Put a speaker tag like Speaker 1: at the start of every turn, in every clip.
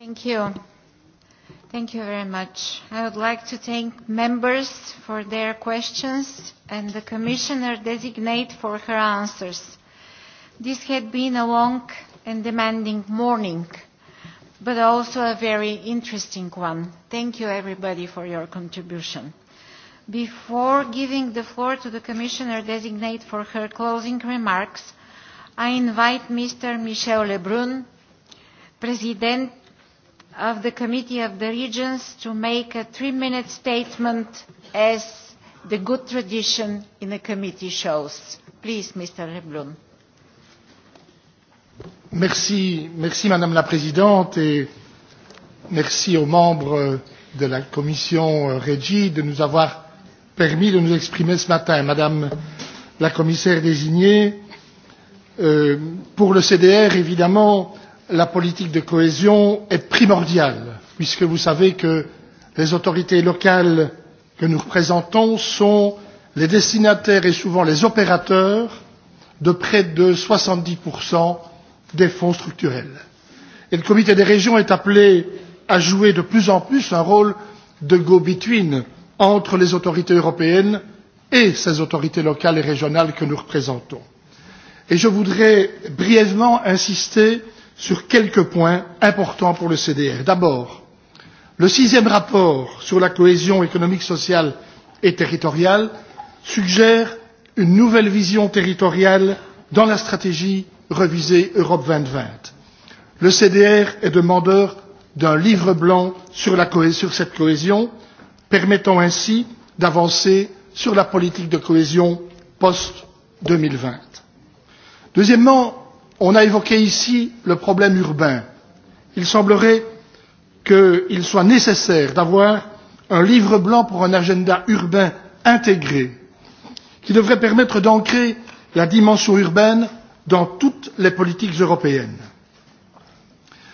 Speaker 1: Thank you. Thank you very much. I would like to thank members for their questions and the Commissioner designate for her answers. This had been a long and demanding morning, but also a very interesting one. Thank you everybody for your contribution. Before giving the floor to the Commissioner designate for her closing remarks, I invite Mr. Michel Lebrun, President of the Committee of the Regions to make a three-minute statement as the good tradition in the committee shows. Please, Mr. Reblum.
Speaker 2: Merci, merci Madame la Présidente et merci aux membres de la Commission euh, REGI de nous avoir permis de nous exprimer ce matin. Madame la commissaire désignée, euh, pour le CDR, évidemment, euh, la politique de cohésion est primordiale, puisque vous savez que les autorités locales que nous représentons sont les destinataires et souvent les opérateurs de près de 70% des fonds structurels. Et le comité des régions est appelé à jouer de plus en plus un rôle de go-between entre les autorités européennes et ces autorités locales et régionales que nous représentons. Et je voudrais brièvement insister sur quelques points importants pour le CDR. D'abord, le sixième rapport sur la cohésion économique, sociale et territoriale suggère une nouvelle vision territoriale dans la stratégie revisée Europe 2020. Le CDR est demandeur d'un livre blanc sur, la sur cette cohésion, permettant ainsi d'avancer sur la politique de cohésion post-2020. Deuxièmement, On a évoqué ici le problème urbain. Il semblerait qu'il soit nécessaire d'avoir un livre blanc pour un agenda urbain intégré qui devrait permettre d'ancrer la dimension urbaine dans toutes les politiques européennes.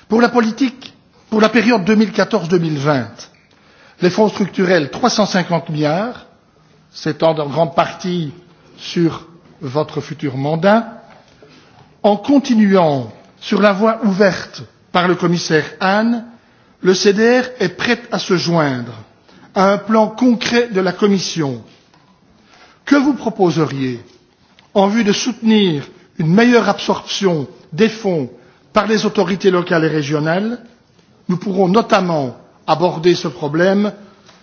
Speaker 2: Pour la politique, pour la période 2014-2020, les fonds structurels 350 milliards, s'étendent en grande partie sur votre futur mandat, En continuant sur la voie ouverte par le commissaire Hahn, le CDR est prêt à se joindre à un plan concret de la Commission. Que vous proposeriez en vue de soutenir une meilleure absorption des fonds par les autorités locales et régionales Nous pourrons notamment aborder ce problème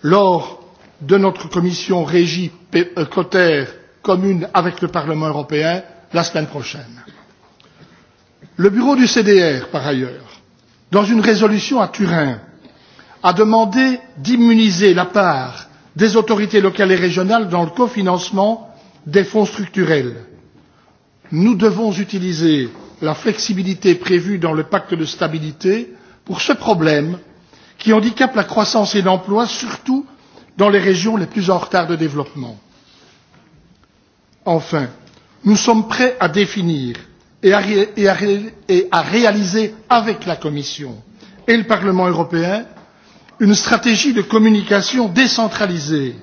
Speaker 2: lors de notre commission régie e Cotter commune avec le Parlement européen la semaine prochaine. Le bureau du CDR, par ailleurs, dans une résolution à Turin, a demandé d'immuniser la part des autorités locales et régionales dans le cofinancement des fonds structurels. Nous devons utiliser la flexibilité prévue dans le pacte de stabilité pour ce problème qui handicape la croissance et l'emploi, surtout dans les régions les plus en retard de développement. Enfin, nous sommes prêts à définir et à, et, à, et à réaliser avec la Commission et le Parlement européen une stratégie de communication décentralisée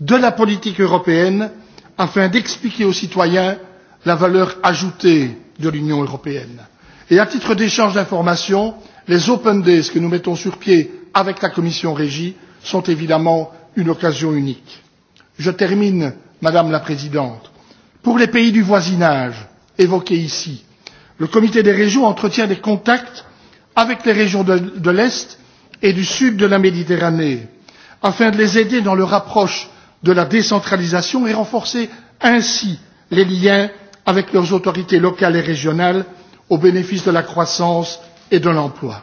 Speaker 2: de la politique européenne afin d'expliquer aux citoyens la valeur ajoutée de l'Union européenne. Et à titre d'échange d'informations, les Open Days que nous mettons sur pied avec la Commission Régie sont évidemment une occasion unique. Je termine, Madame la Présidente. Pour les pays du voisinage, évoquée ici. Le comité des régions entretient des contacts avec les régions de, de l'Est et du Sud de la Méditerranée afin de les aider dans leur approche de la décentralisation et renforcer ainsi les liens avec leurs autorités locales et régionales au bénéfice de la croissance et de l'emploi.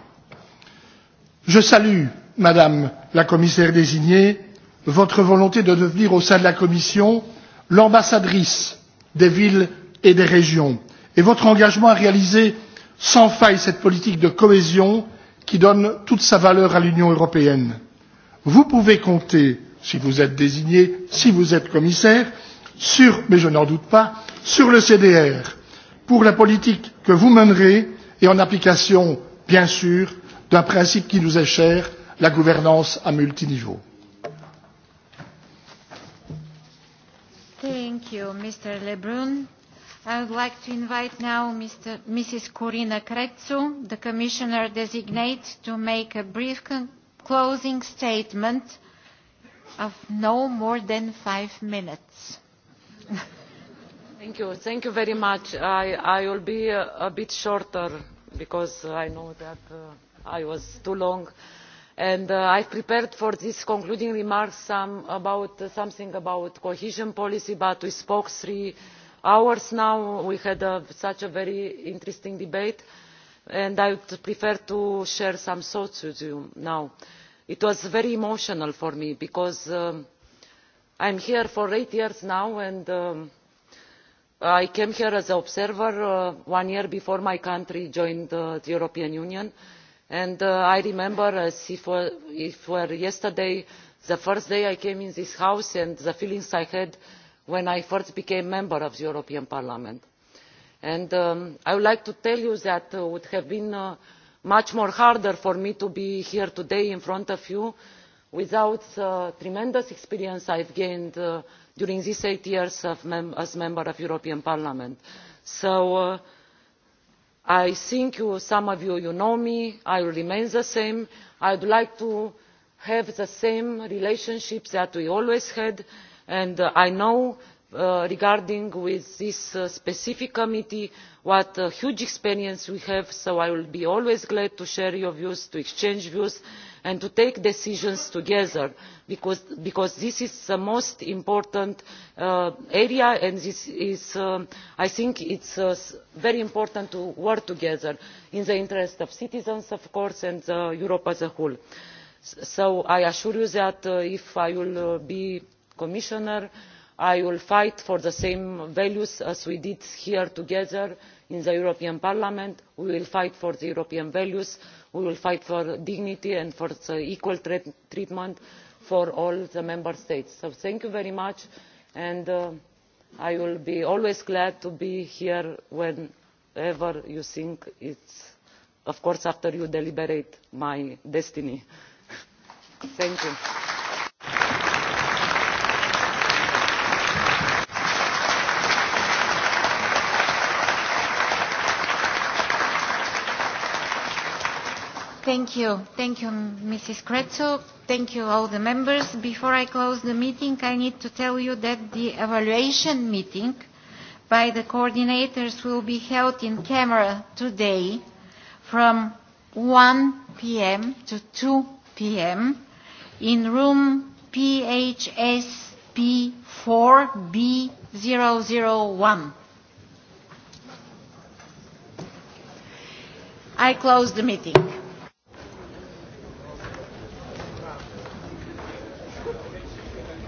Speaker 2: Je salue, Madame la commissaire désignée, votre volonté de devenir au sein de la Commission l'ambassadrice des villes et des régions. Et votre engagement à réaliser sans faille cette politique de cohésion qui donne toute sa valeur à l'Union européenne. Vous pouvez compter, si vous êtes désigné, si vous êtes commissaire, sur, mais je n'en doute pas, sur le CDR, pour la politique que vous mènerez et en application, bien sûr, d'un principe qui nous est cher, la gouvernance à multiniveau.
Speaker 1: Thank you, Mr. Lebrun. I would like to invite now Mr. Mrs. Corina Kretsu, the Commissioner designate, to make a brief closing statement of no more than five minutes.
Speaker 3: Thank you. Thank you very much. I, I will be a, a bit shorter because I know that uh, I was too long. And uh, I've prepared for this concluding remarks some about, uh, something about cohesion policy, but we spoke three hours now. We had a, such a very interesting debate, and I would prefer to share some thoughts with you now. It was very emotional for me because um, I'm here for eight years now, and um, I came here as an observer uh, one year before my country joined uh, the European Union. And uh, I remember as if, uh, if were yesterday, the first day I came in this house and the feelings I had when I first became member of the European Parliament. And um, I would like to tell you that it uh, would have been uh, much more harder for me to be here today in front of you without the uh, tremendous experience I've gained uh, during these eight years of mem as member of European Parliament. So uh, I think you, some of you, you know me, I will remain the same. I would like to have the same relationships that we always had and uh, I know uh, regarding with this uh, specific committee what uh, huge experience we have so I will be always glad to share your views, to exchange views and to take decisions together because, because this is the most important uh, area and this is, um, I think it's uh, very important to work together in the interest of citizens of course and uh, Europe as a whole. So I assure you that uh, if I will uh, be commissioner i will fight for the same values as we did here together in the european parliament we will fight for the european values we will fight for dignity and for equal treatment for all the member states. so thank you very much and uh, i will be always glad to be here whenever you think it's of course after you deliberate my destiny. thank you.
Speaker 1: Thank you. Thank you, Mrs. Kretzow. Thank you, all the members. Before I close the meeting, I need to tell you that the evaluation meeting by the coordinators will be held in camera today from 1 p.m. to 2 p.m. in room PHSP4B001. I close the meeting.